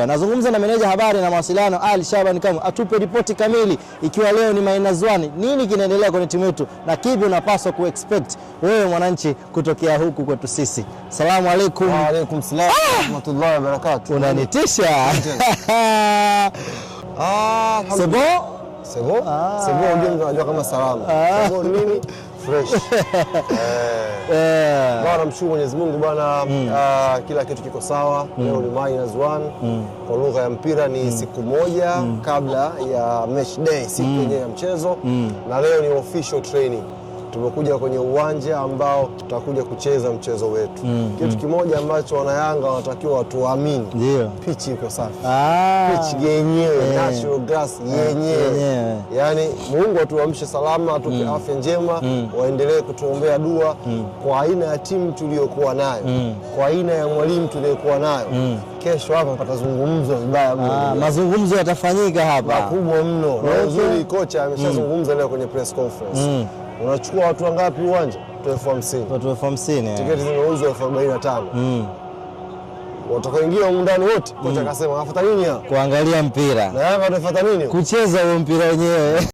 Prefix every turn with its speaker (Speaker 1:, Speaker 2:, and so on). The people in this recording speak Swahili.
Speaker 1: kushtakiwa. Nazungumza na meneja habari na mawasiliano Ali Shaban Kamwe atupe ripoti kamili, ikiwa leo ni minus one, nini kinaendelea kwenye timu yetu na kipi unapaswa kuexpect wewe mwananchi kutokea huku kwetu sisi. Salamu alaikum.
Speaker 2: Wa alaikum salaam ah! wa barakatuh.
Speaker 1: Unanitisha ah, ah sebo
Speaker 2: sebo ah. sebo, unajua kama salamu sebo mimi fresh eh, bwana mshukuru Mwenyezi Mungu bwana mm. uh, kila kitu kiko sawa mm. leo ni minus 1. mm. kwa lugha ya mpira ni mm. siku moja mm. kabla ya match day siku mm. yenyewe mm. ya mchezo mm. na leo ni official training tumekuja kwenye uwanja ambao tutakuja kucheza mchezo wetu. mm, kitu mm. kimoja ambacho wanayanga wanatakiwa watuamini, yeah. pichi iko safi
Speaker 1: ah,
Speaker 2: yenyewe yeah. natural grass eh, yenyewe yeah. yaani Mungu atuamshe salama atupe mm. afya njema mm. waendelee kutuombea dua mm. kwa aina ya timu tuliyokuwa nayo mm. kwa aina ya mwalimu tuliyokuwa nayo mm kesho hapa patazungumzwa vibaya ah, mno.
Speaker 1: Mazungumzo yatafanyika hapa
Speaker 2: makubwa mno. Na uzuri kocha ameshazungumza mm. leo kwenye press conference. Mm. Unachukua watu wangapi uwanja? elfu hamsini.
Speaker 1: Watu elfu hamsini. Eh.
Speaker 2: Tiketi zimeuzwa elfu arobaini na tano. Mm. Watakaoingia huko ndani wote kocha mm. akasema, afuata nini hapa?
Speaker 1: Kuangalia mpira.
Speaker 2: Na Yanga watafuata nini?
Speaker 1: Kucheza huo mpira wenyewe.